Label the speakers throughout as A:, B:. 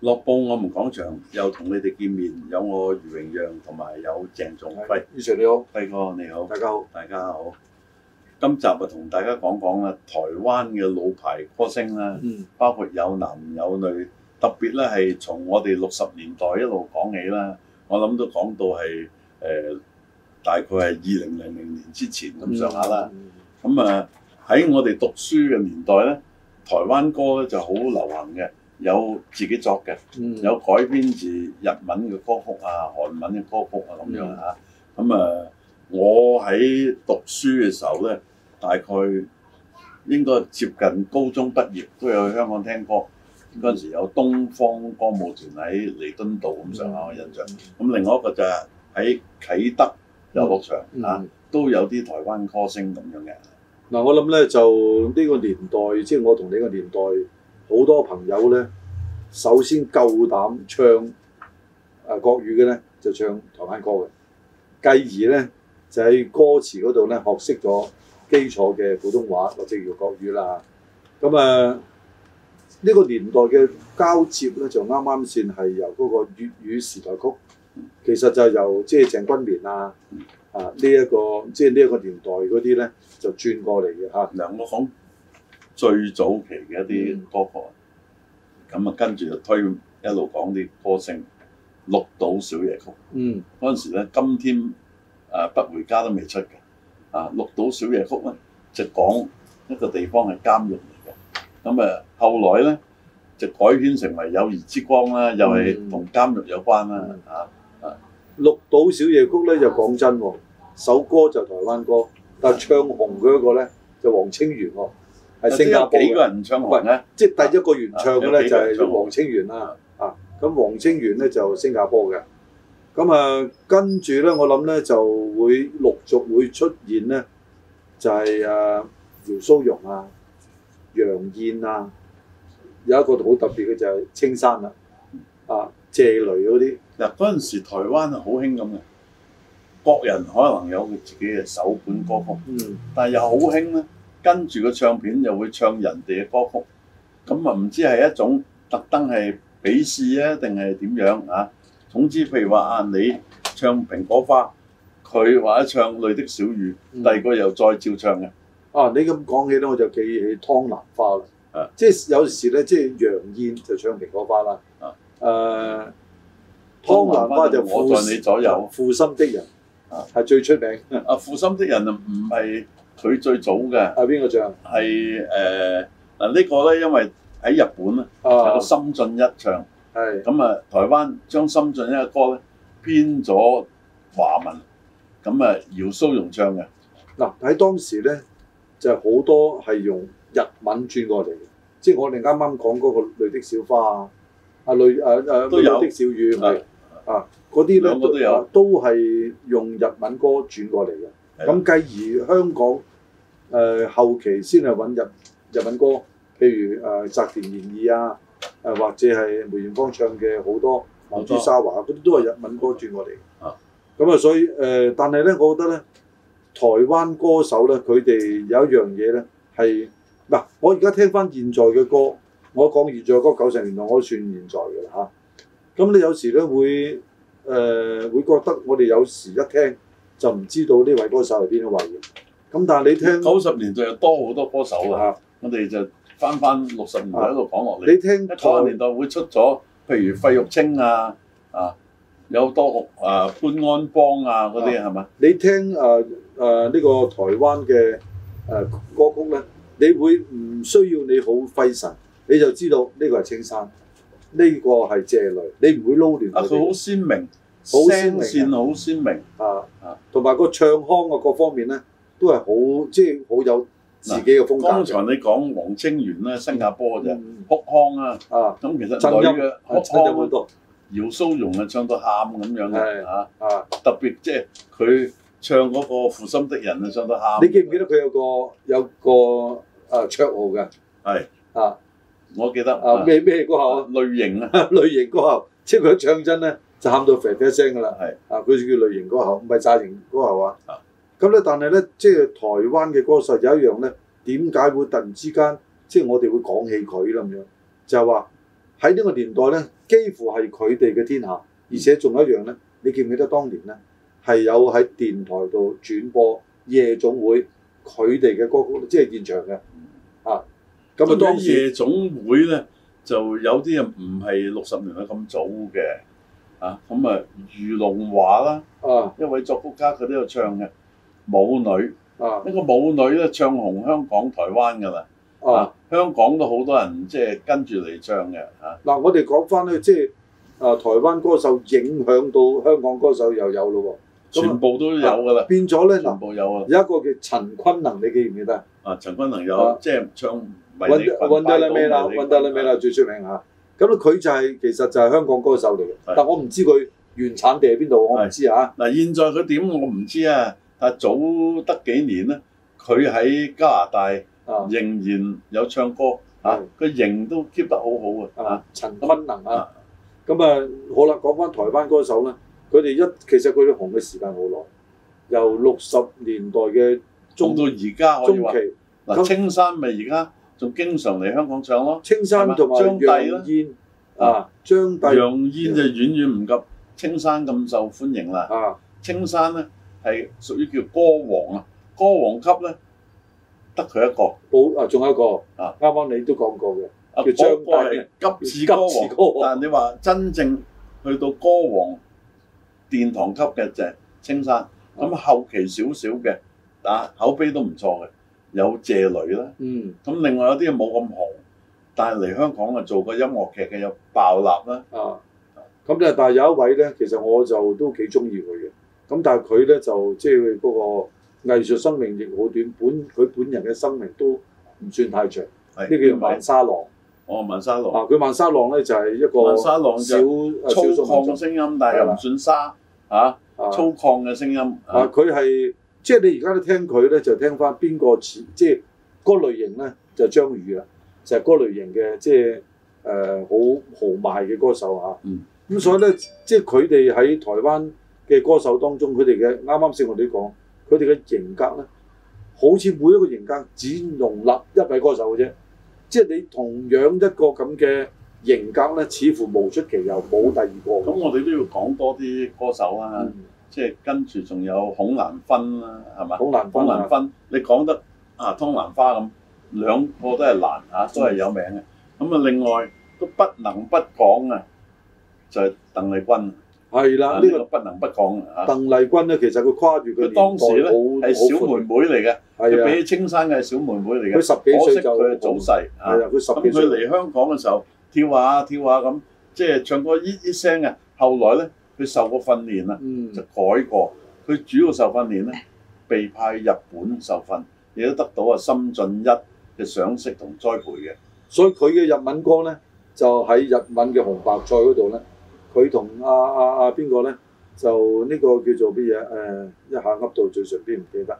A: 樂報我們講場又同你哋見面，有我余榮陽同埋有鄭仲輝，余 Sir 你好，輝哥你好，大家好，大家好。今集就、啊、同大家講講啦，台灣嘅老牌歌星啦、啊，嗯、包括有男有女，特別咧係從我哋六十年代一路講起啦。我諗都講到係誒、呃、大概係二零零零年之前咁上下啦。咁、嗯嗯、啊喺我哋讀書嘅年代咧，台灣歌咧就好流行嘅。有自己作嘅，有改編自日文嘅歌曲啊、韓文嘅歌曲啊咁樣嚇、啊。咁啊，我喺讀書嘅時候呢，大概應該接近高中畢業，都有去香港聽歌。嗰陣、嗯、時有東方歌舞團喺彌敦道咁上下嘅印象。咁另外一個就喺、是、啟德遊樂場嚇、嗯啊，都有啲台灣歌星咁樣嘅、啊。嗱、嗯，嗯、我諗呢，就
B: 呢個年代，即、就、係、是、我同你嘅年代。好多朋友咧，首先夠膽唱誒、呃、國語嘅咧，就唱台灣歌嘅。繼而咧，就喺歌詞嗰度咧，學識咗基礎嘅普通話或者叫國語啦。咁誒呢個年代嘅交接咧，就啱啱先係由嗰個粵語、語時代曲，其實就由即係、就是、鄭君綿啊
A: 啊呢一、這個即係呢一個年代嗰啲咧，就轉過嚟嘅嚇。嗱、啊，我、嗯、講。最早期嘅一啲歌曲，咁啊、嗯，跟住就推一路講啲歌星。綠島小夜曲，嗰陣、嗯、時咧，今天啊不回家都未出嘅啊。綠島小夜曲咧，就講一個地方係監獄嚟嘅。咁啊，後來咧就改編成為《友誼之光》啦、嗯，又係同監獄有關啦、嗯啊。啊啊，
B: 綠島小夜曲咧，就講真喎、哦，首歌就台灣歌，但係唱紅嗰個咧就黃清源喎。係新加坡唔係咧，即係第一個原唱嘅咧就係黃清源啦、啊，啊，咁黃清源咧就新加坡嘅，咁啊跟住咧我諗咧就會陸續會出現咧，就係、是、啊姚蘇蓉啊楊燕啊，有一個好特別嘅就係青山啦、
A: 啊，啊謝雷嗰啲，嗱，嗰陣時台灣啊好興咁嘅，國人可能有佢自己嘅首本歌曲，嗯，但係又好興咧。跟住個唱片又會唱人哋嘅歌曲，咁啊唔知係一種特登係比試啊，定係點樣啊？總之，譬如話啊，你唱《蘋果花》，佢話一唱《淚的小雨》，第二個又再照唱嘅。哦、啊，你咁講起咧，我
B: 就記起湯《湯蘭花》啦。啊，即係有時咧，即係楊燕就唱《蘋果花》啦。啊，
A: 誒，《湯蘭花》就我在你左右，啊《負心的人》啊係最出名。啊，《負心的人》啊唔係。佢最早嘅係邊個唱？係誒嗱呢個咧，因為喺日本咧，個、啊、森進一唱係咁是啊，台灣將森進一嘅歌咧編咗華文，咁啊姚蘇蓉唱嘅。嗱喺當時咧就好、是、多係
B: 用日文轉過嚟嘅，即係我哋啱啱講嗰個《淚的小花》啊、雷《啊淚》啊啊有《淚的小雨》係啊嗰啲咧都係用日文歌轉過嚟嘅。咁、嗯、繼而香港誒、呃、後期先係揾日日文歌，譬如誒澤田研二啊，誒、呃、或者係梅豔芳唱嘅好多曼珠沙華嗰啲都係日文歌轉過嚟。咁啊、嗯，所以誒、呃，但係咧，我覺得咧，台灣歌手咧，佢哋有一樣嘢咧係嗱，我而家聽翻現在嘅歌，我講現在嗰九十、那個、年代我都算現在㗎啦嚇。咁、啊、你有時咧會誒會覺得我哋有時一聽。
A: 就唔知道呢位歌手係邊位嘅？咁但係你聽九十年代又多好多歌手㗎嚇！我哋就翻翻六十年代一路講落嚟。你聽七十年代會出咗，譬如費玉清啊，啊有好多啊潘安邦啊嗰啲係嘛？啊、吧你聽誒誒呢個
B: 台灣嘅
A: 誒歌曲咧，
B: 你會唔需要你好費神，你就知道呢個係青山，呢、呢個係謝雷，你唔會撈亂。啊，佢好鮮明。好聲線，好鮮明啊啊！同埋個唱腔嘅各方面咧，都係好即係好有自己嘅風格。剛才你
A: 講黃清源咧，新加坡嘅啫，哭腔啊，咁其實女嘅哭腔姚蘇蓉啊，唱到喊咁樣嘅嚇啊！特別即係佢唱嗰個負心的人啊，唱到喊。你記
B: 唔記得佢有個有個啊綽號嘅？
A: 係啊，我記得啊咩咩歌喉啊？類型啊，
B: 類型歌喉，即係佢唱真咧。就喊到肥啡聲噶啦，的啊，佢就叫類型歌后，唔係炸型歌后啊。咁咧的，但係咧，即係台灣嘅歌手有一樣咧，點解會突然之間，即係我哋會講起佢啦咁樣？就係話喺呢個年代咧，幾乎係佢哋嘅天下，嗯、而且仲有一樣咧，你記唔記得當年咧係有喺電台度轉播夜總會佢哋嘅歌曲，即係現場嘅啊。咁當、嗯、夜總會咧，
A: 就有啲人唔係六十年代咁早嘅。啊咁啊，余龍華啦，啊一位作曲家佢都有唱嘅舞女，啊呢個舞女咧唱紅香港、台灣㗎嘛，啊香港都好多人即係跟住嚟唱嘅嚇。嗱我哋講翻咧，
B: 即係啊台灣歌手影響到香港歌手又有咯喎，全部都有㗎啦。變咗咧，全部有啊。有一個叫陳坤能，你記唔記得
A: 啊？陳坤能有，即係
B: 唱《揾揾得啦咩啦》，揾得啦咩啦最出名嚇。咁佢就係、是、其實
A: 就係香港歌手嚟嘅，是但我唔知佢原產地喺邊度，我唔知啊。嗱，現在佢點我唔知啊。早得幾年咧？佢喺加拿大仍然有唱歌是啊，佢型都 keep 得好好、啊、嘅是啊。陳君能啊，
B: 咁啊是好啦，講翻台灣歌手咧，佢哋一其實佢哋紅嘅時間好耐，
A: 由六十年代嘅中到而家可以話，嗱青山咪而家。仲經常嚟香港唱咯，青山同埋張帝啊，張帝楊燕就遠遠唔及青山咁受歡迎啦。啊，青山咧係屬於叫歌王啊，歌王級咧得佢一個，到啊仲有一個啊，啱啱你都講過嘅、啊、叫張帝，急字歌王，歌王，但係你話真正去到歌王殿堂級嘅就係青山，咁、啊、後期少少嘅啊口碑都唔錯嘅。有謝雷啦，咁另外有啲嘢冇咁紅，但係嚟香港啊做個音樂劇嘅有爆立啦，啊，咁咧但係有一位咧，其實我就都幾中意佢嘅，咁但係佢咧
B: 就即係佢個藝術生命亦好短，本佢本人嘅生命都
A: 唔算太長，呢叫萬沙浪，哦萬沙浪，啊佢萬沙浪咧就係一個萬沙浪就粗獷聲音，但係又唔算沙嚇，粗獷嘅聲音，
B: 啊佢係。即係你而家都聽佢咧，就聽翻邊個似？即係嗰類型咧，就張宇啊，就係嗰類型嘅，即係誒好豪邁嘅歌手啊。咁所以咧，即係佢哋喺台灣嘅歌手當中，佢哋嘅，啱啱先我哋講，佢哋嘅型格咧，好似每一個型格只容納一位歌手嘅啫。即係你同樣一個咁嘅型格咧，似乎無出
A: 其右，冇第二個。咁我哋都要講多啲歌手啊。嗯即係跟住仲有孔蘭芬啦，係咪？孔蘭孔蘭芬，你講得啊，湯蘭花咁，兩個都係蘭啊，都係有名嘅。咁啊，另外都不能不講啊，就係鄧麗君。係啦，呢個不能不講啊。鄧麗君咧，其實佢跨住佢年代佢當時咧係小妹妹嚟嘅，佢比青山嘅小妹妹嚟嘅。佢十幾歲就早逝。係啊，佢十幾歲。咁佢嚟香港嘅時候，跳下跳下咁，即係唱歌咿咿聲啊。後來咧。佢受過訓練啦，嗯、就改過。佢主要受訓練咧，被派日本受訓，亦都得到啊深津一嘅賞識同栽培嘅。所以佢嘅日文歌咧，就喺日文嘅紅白
B: 菜嗰度咧，佢同啊啊啊邊個咧，就呢個叫做乜嘢？誒、呃、一下噏到最上邊唔記得。誒、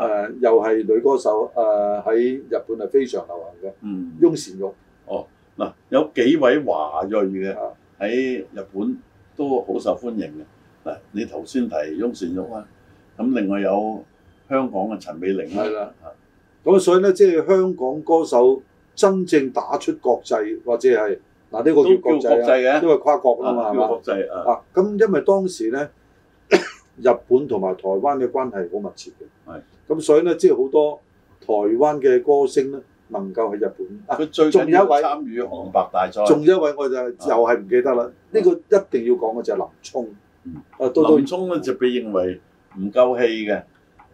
B: 呃啊、又係女歌手誒喺、呃、日本係
A: 非常流行嘅。嗯，翁倩玉。哦，嗱，有幾位華裔嘅喺日本。嗯都好受歡迎嘅。嗱，你頭先提翁倩玉啦，咁另外有香港嘅陳美玲啦，係啦，咁所以咧，即係香
B: 港歌手真正打出國際或者係嗱，呢個叫國際嘅，際啊、因為跨國啦嘛，係嘛啊咁吧、啊啊、因為當時咧日本同埋台灣嘅關係好密切嘅，係咁是所以咧，即係好多台灣嘅歌星咧。能夠去日本，
A: 佢、啊、最重要係參與《紅白大賽》。仲有一位、啊、我就、啊、又係唔記
B: 得啦，呢、啊、個一定要講嘅就係林沖。
A: 嗯、多多林沖咧就被認為唔夠氣嘅，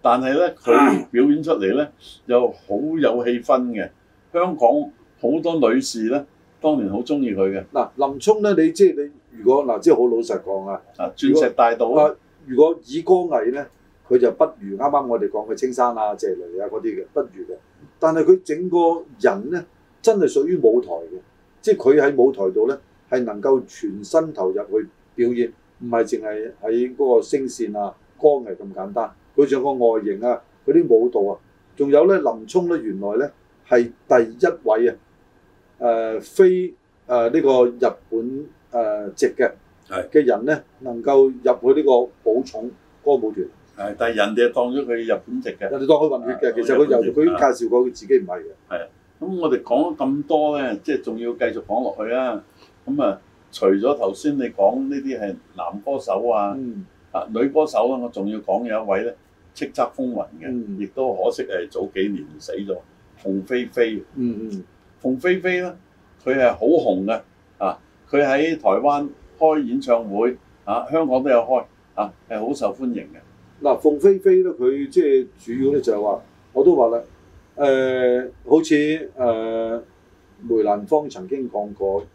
A: 但係咧佢表演出嚟咧唉又好有氣氛嘅。香港好多女士咧，當年好中意佢嘅。嗱、啊，林沖咧，你
B: 即係你如果嗱、啊，即係好老實講啊。啊，《鑽石大道》。啊，如果以歌藝咧？佢就不如啱啱我哋講嘅青山啊、謝雷啊嗰啲嘅，不如嘅。但係佢整個人咧，真係屬於舞台嘅，即係佢喺舞台度咧係能夠全身投入去表演，唔係淨係喺嗰個聲線啊、歌藝咁簡單。佢仲有個外形啊，佢啲舞蹈啊，仲有咧林沖咧，原來咧係第一位啊，誒、呃、非誒呢、呃這個日本誒、呃、籍嘅，係嘅人咧能夠入去呢個寶塚歌舞團。
A: 誒，但係人哋當咗佢日本籍嘅，人哋當佢混血嘅。啊、其實佢由佢介
B: 紹過，佢自己唔係嘅。
A: 係。咁我哋講咗咁多咧，即係仲要繼續講落去啊！咁啊，除咗頭先你講呢啲係男歌手啊，嗯、啊女歌手啊，我仲要講有一位咧，叱咤風雲嘅，亦、嗯、都可惜係早幾年死咗，鳳飛飛，嗯嗯。鳳飛飛咧，佢係好紅嘅啊！佢喺台灣開演唱會，啊香港都有開，啊係好受歡迎嘅。嗱，鳳飛飛咧，佢即係主要咧就係話，我都話啦，誒，好
B: 似誒梅蘭芳曾經講過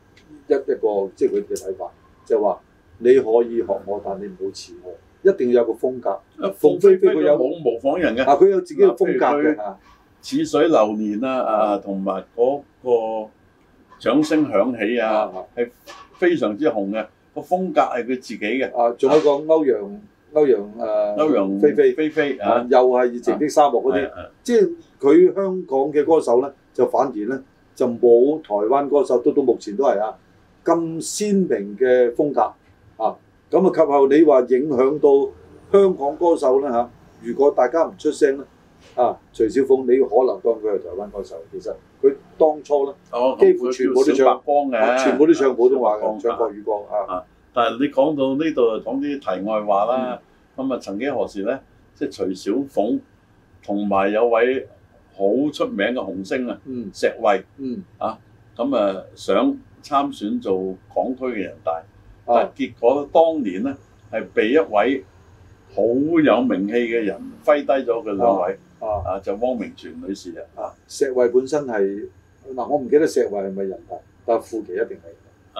B: 一一個，即係佢嘅睇法，就話你可以學我，但你唔好似我，一定要有個風格。鳳飛飛佢有冇模仿人嘅，嗱佢有自己嘅風格嘅。
A: 似水流年啊，啊，同埋嗰個掌聲響起啊，係非常之紅嘅，個風格係佢自己嘅。啊，仲有一個歐陽。歐陽誒，呃、歐陽菲菲，
B: 菲菲非非啊，又係熱情的沙漠嗰啲，啊、即係佢香港嘅歌手咧，啊、就反而咧就冇台灣歌手到到目前都係啊咁鮮明嘅風格啊，咁啊及後你話影響到香港歌手咧嚇、啊，如果大家唔出聲咧啊，徐小鳳你可能當佢係台灣歌手，其
A: 實佢當初咧，哦，幾乎全部都唱白話嘅，全部都唱普通話嘅，唱國語歌啊。啊啊啊。啊！你講到呢度講啲題外話啦。咁啊、嗯，曾幾何時咧，即係徐小鳳同埋有位好出名嘅紅星啊，石慧啊。咁啊，想參選做港區嘅人大，啊、但係結果當年咧係被一位好有名氣嘅人揮低咗佢兩位啊，啊，就汪明荃女士啊。石慧本身係嗱，我唔記得石慧係咪人大，但係傅奇一定係。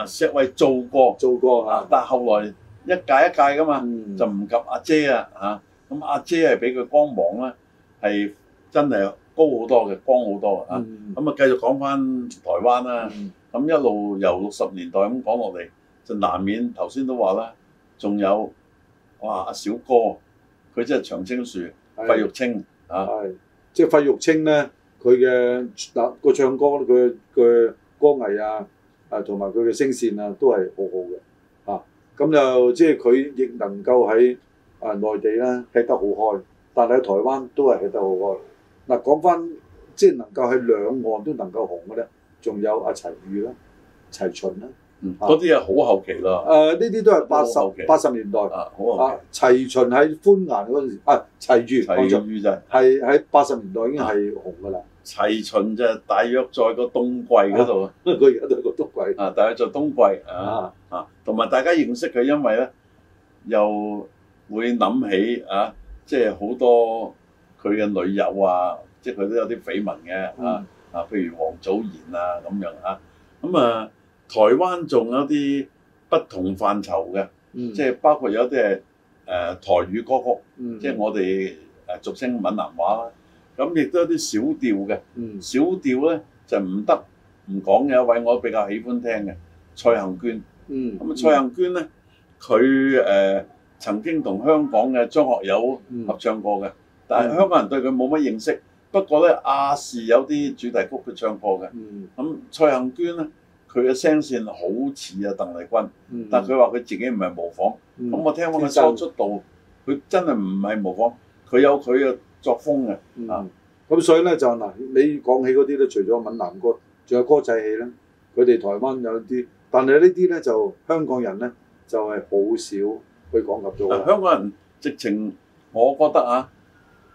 A: 石偉做過做過嚇，啊、但係後來一屆一屆噶嘛，嗯、就唔及阿姐啊嚇。咁、啊、阿、啊、姐係俾佢光芒咧，係真係高好多嘅，光好多啊。咁、嗯、啊，繼續講翻台灣啦、啊。咁、嗯、一路由六十年代咁講落嚟，就難免頭先都話啦，仲有哇阿小哥，佢即係長青樹，費玉清啊。係，即係費玉清咧，佢嘅嗱
B: 個唱歌佢嘅歌藝啊。誒同埋佢嘅聲線啊，都係好好嘅，嚇、啊、咁就即係佢亦能夠喺誒、呃、內地咧食得好開，但係喺台灣都係食得好開。嗱、啊、講翻即係能夠喺兩岸都能夠紅嘅咧，仲有阿齊豫啦、齊秦啦，嗰啲係好後期咯。誒呢啲都係八十八十年代好啊！齊秦喺歡顏嗰陣時
A: 啊，齊豫齊豫、啊、就係喺八十年代已經係紅㗎啦。齊秦就係、大約在個冬季嗰度，因為佢而家都係個冬。但係就是啊！大家做冬季啊啊，同埋大家認識佢，因為咧又會諗起啊，即係好多佢嘅女友啊，即係佢都有啲緋聞嘅啊啊，譬如王祖賢啊咁樣啊，咁啊台灣仲有啲不同範疇嘅，即係、嗯、包括有啲係誒台語歌曲，即係、嗯、我哋誒俗稱閩南話啦，咁、啊、亦都有啲小調嘅，小調咧就唔得。唔講嘅一位我比較喜歡聽嘅蔡幸娟，嗯，咁蔡幸娟咧，佢誒曾經同香港嘅張學友合唱過嘅，但係香港人對佢冇乜認識。不過咧亞視有啲主題曲佢唱過嘅，咁蔡幸娟咧佢嘅聲線好似啊鄧麗君，但係佢話佢自己唔係模仿。咁我聽講佢初出道，佢真係唔係模仿，佢有佢嘅作風嘅。啊，咁所以咧就嗱，你講起嗰啲咧，除
B: 咗閩南歌。仲有歌仔戲啦，佢哋台灣有啲，但係呢啲咧就香
A: 港人咧就係好少去講及咗。香港人，就是啊、香港人直情，我覺得啊，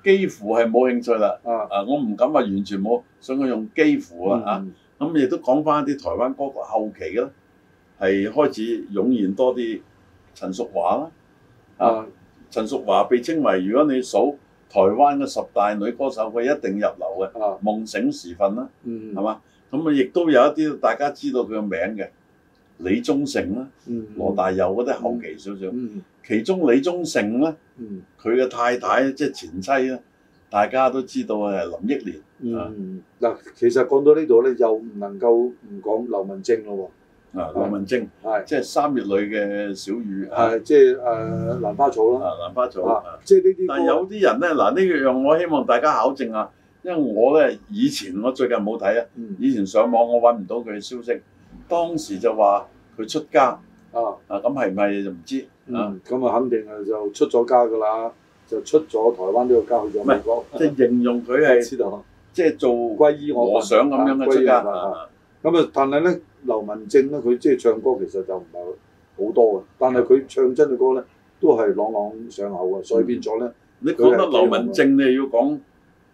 A: 幾乎係冇興趣啦。啊，啊，我唔敢話完全冇，所以我用幾乎、嗯、啊。啊，咁亦都講翻一啲台灣歌曲後期嘅咧，係開始湧現多啲陳淑樺啦。啊，啊，啊，陳淑樺被稱為如果你數台灣嘅十大女歌手，佢一定入流嘅。啊，夢醒時分啦。啊、嗯，係嘛？咁啊，亦都有一啲大家知道佢嘅名嘅，李宗盛啦，羅大佑嗰啲後期少少。其中李宗盛咧，佢嘅太太即係前妻咧，大家都知道啊，林憶蓮。嗯，嗱，其實
B: 講到呢度咧，又唔能夠唔講劉文正咯喎。啊，劉文正係即係三
A: 月裏嘅小雨。係即係誒，蘭花草啦。啊，蘭花草。啊，即係呢啲。但有啲人咧，嗱呢樣，我希望大家考證啊。因為我咧以前我最近冇睇啊，以前上網我揾唔到佢嘅消息。當時就話佢出家啊啊，咁係咪就唔知啊。咁、嗯、啊肯定啊就出咗家噶啦，就出
B: 咗台灣呢個家去。咩，即係形容佢係即係做皈依，啊、歸我想咁樣嘅質啦。咁啊，啊，但係咧，劉文正咧，佢即係唱歌其實就唔係好多嘅，但係佢唱真嘅歌咧，都係朗朗上口嘅，所以變咗咧。你覺得劉文正
A: 你要講？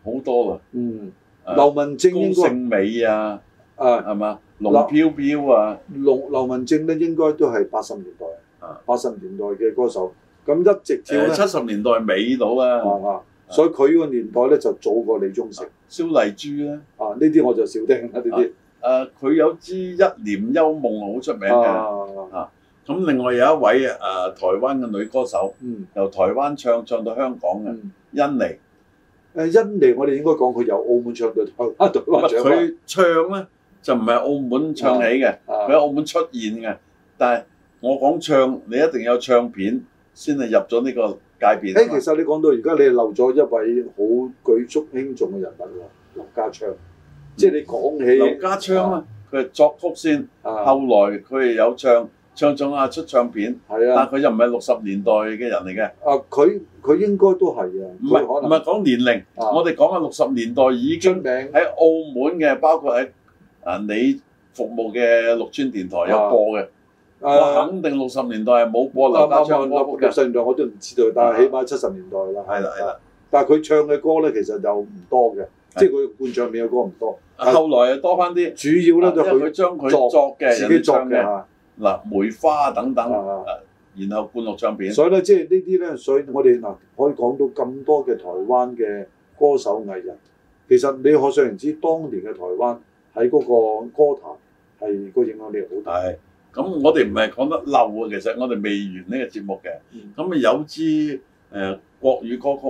A: 好多啊，
B: 嗯，
A: 劉文正應該高勝美啊，啊，係嘛？龍飄飄啊，龍劉文正咧應該都係
B: 八十年代，啊，八十年代嘅歌手，咁一直跳到七十年代尾到啊，
A: 所以佢個年代咧就早過李宗盛、蕭麗珠咧。啊，呢啲我就少聽一啲啲。誒，佢有支《一簾幽夢》好出名嘅啊。咁另外有一位啊，誒，台灣嘅女歌手，由台灣唱唱到香港嘅，甄妮。誒，恩嚟，我哋應該講佢由澳門唱到去。佢唱咧就唔係澳門唱起嘅，佢喺澳門出現嘅。但係我講唱，你一定有唱片先係入咗呢個界別。誒，其實你講到而
B: 家，你漏咗一位好舉足輕重嘅人物，劉家昌。即係你
A: 講起劉家昌啊，佢係作曲先，後來佢又有唱，唱唱下出唱片。係啊，但係佢又唔係六十年代嘅人嚟嘅。啊，佢。佢應該都係嘅。唔係唔係講年齡，我哋講嘅六十年代已經喺澳門嘅，包括喺啊你服務嘅六川電台有播嘅。
B: 我肯
A: 定六十年代係冇播劉家昌嘅。六十年代我都唔知道，但係起碼七十年代啦。係啦係
B: 啦，但係佢唱嘅歌咧，其實就唔多嘅，即係佢伴唱片嘅歌唔多。後
A: 來又多翻啲，主要咧就佢將佢作嘅，自己作嘅。嗱，梅花等等。然後灌錄唱片，所以咧
B: 即係呢啲咧，所以我哋嗱可以講到咁多嘅台灣嘅歌手藝人，其實你可想而知，當年嘅台灣
A: 喺嗰個歌壇係個影響力好大。咁我哋唔係講得漏啊，其實我哋未完呢個節目嘅，咁啊有支誒、呃、國語歌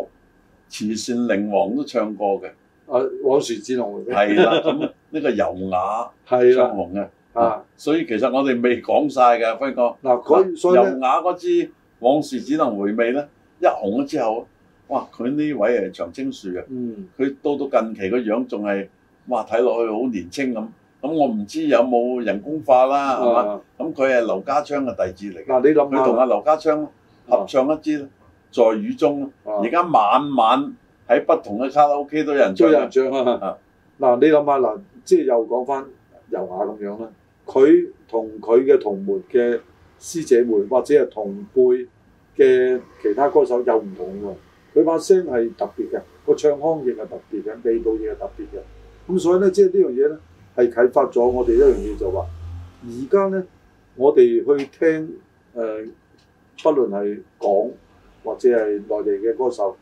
A: 曲《慈善靈王》都唱過嘅，阿、啊、王雪志同。係啦， 咁呢個尤雅唱王嘅。啊、嗯，所以其實我哋未講晒嘅輝哥，嗱，所以尤雅嗰支往事只能回味咧，一紅咗之後，哇，佢呢位係長青樹啊，佢到到近期個樣仲係，哇，睇落去好年青咁。咁我唔知有冇人工化啦，係嘛、啊？咁佢係劉家昌嘅弟子嚟嘅，佢同阿劉家昌、啊啊、合唱一支、啊《在雨中、啊》，而家晚晚喺不同嘅卡拉 OK 都有人唱啊。嗱、啊，你諗下，嗱、啊，
B: 即係又講翻尤雅咁樣啦。嗯啊佢同佢嘅同門嘅師姐們，或者係同輩嘅其他歌手又唔同喎。佢把聲係特別嘅，個唱腔亦係特別嘅，味道亦係特別嘅。咁所以咧，即係呢樣嘢咧，係啟發咗我哋一樣嘢就話，而家咧我哋去聽誒、呃，不論係港或者係內地嘅歌手，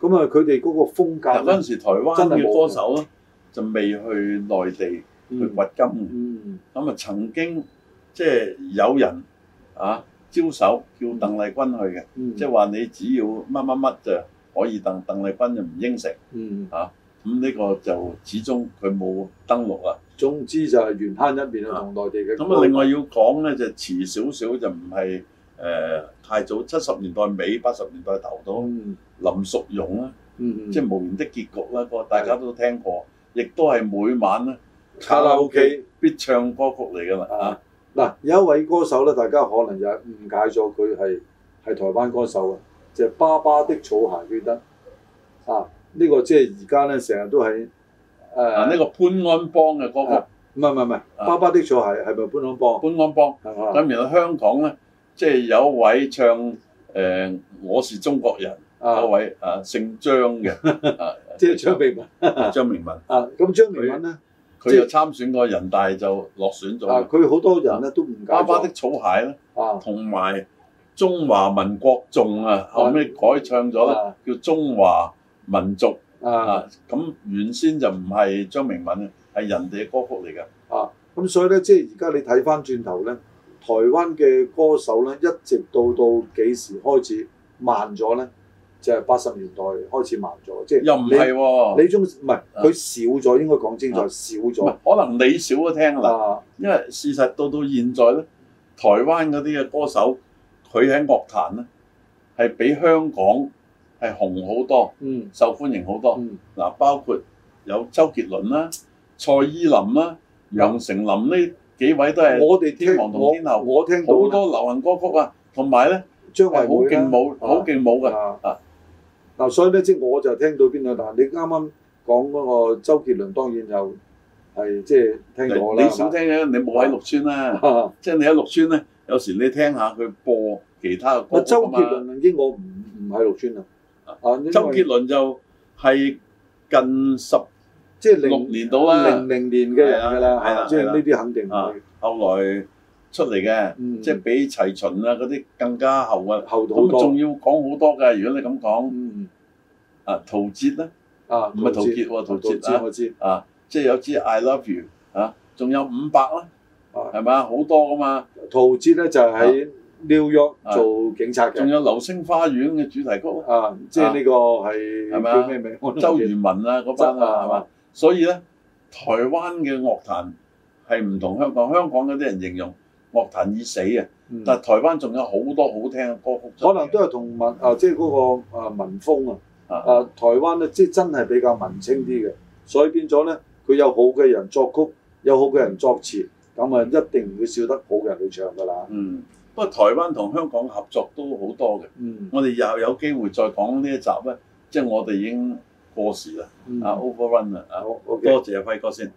A: 咁啊佢哋嗰個風格，嗰陣時台灣嘅歌手咧就未去內地。去掘金嘅。咁啊、嗯嗯、曾經即係有人啊招手叫鄧麗君去嘅，即係話你只要乜乜乜就可以鄧，鄧麗君就唔應承，嚇咁呢個就始終佢冇登陸啊。總之就係粵閤入面地啊，同內地嘅。咁啊，另外要講咧就遲少少就唔係誒太早，七十年代尾八十年代頭到，嗯、林淑容啦，嗯嗯、即係無言的結局啦，個大家都聽過，亦都係每晚咧。卡拉 OK 必唱歌曲嚟㗎嘛啊！嗱，有一位歌手咧，大家
B: 可能就又誤解咗佢係係台灣歌手、就是、爸爸啊，這個、就《爸爸的草鞋》記得啊。呢個即係而家咧，成日都喺誒。呢個潘
A: 安邦嘅歌曲。唔係唔係唔係，《爸爸的草鞋》係咪潘安邦？潘安邦。
B: 咁而家香
A: 港咧，即、就、係、是、有一位唱誒、呃《我是中國人》嗰位啊，位啊姓張嘅，哈哈即係張明文、啊。張明文。啊，咁張明文咧。佢又參選過人大就落選咗。啊，佢
B: 好多人咧都唔解。爸爸的
A: 草鞋咧，同埋、啊、中華民國頌啊，後尾改唱咗、啊、叫中華民族啊。咁、啊、原先就唔係張明敏嘅，係人哋嘅歌曲嚟嘅。啊，
B: 咁所以咧，即係而家你睇翻轉頭咧，台灣嘅歌手咧，一直到到幾時開始慢咗咧？即係八十年代開始慢咗，即係又唔係喎？李宗唔係佢
A: 少咗，啊、應該講清楚少咗。可能你少咗聽啦，因為事實到到現在咧，台灣嗰啲嘅歌手佢喺樂壇咧係比香港係紅好多，嗯、受歡迎好多。嗱、嗯，包括有周杰倫啦、蔡依林啦、楊丞琳呢幾位都係我哋天王同天后，我，我，我聽好多流行歌曲啊，同埋咧張惠妹好勁舞，好勁舞嘅啊！啊嗱、啊，
B: 所以咧，即係我就聽到邊度。但、啊、你啱啱講嗰個周杰倫，當然就，
A: 係即係聽到啦。你想聽咧？你冇喺六村啦、啊，即係、啊啊、你喺六村咧，有時你聽下佢播其他嘅歌。周杰倫應該我唔唔喺六村啊。周杰倫就係近十即係零六年到啦，零零年嘅人㗎啦，即係呢啲肯定唔會、啊。後來。出嚟嘅，即係比齊秦啊嗰啲更加厚啊，咁仲要講好多㗎。如果你咁講，啊陶喆啦，啊唔係陶傑喎，陶喆啊，我知，啊即係有支 I Love You 嚇，仲有五百啦，係咪好多㗎嘛。陶喆咧就喺 New York 做警察，仲有流星花園嘅主題曲啊，即係呢個係叫咩名？周渝民啊嗰班啊係嘛。所以咧，台灣嘅樂壇係唔同香港，香港嗰啲人形容。樂壇已死啊！但係台灣仲有好多好聽嘅歌曲，可能都係同文、嗯、啊，即係嗰個文啊民風啊
B: 啊，台灣咧即係真係比較文青啲嘅，嗯、所以變咗咧，佢有好嘅人
A: 作曲，有好嘅人作詞，咁啊一定唔會笑得好嘅人去唱㗎啦。嗯，不過台灣同香港合作都好多嘅。嗯，我哋又有機會再講呢一集咧，即、就、係、是、我哋已經過時啦。啊，overrun 啦。啊、uh，okay. 多謝阿輝哥先。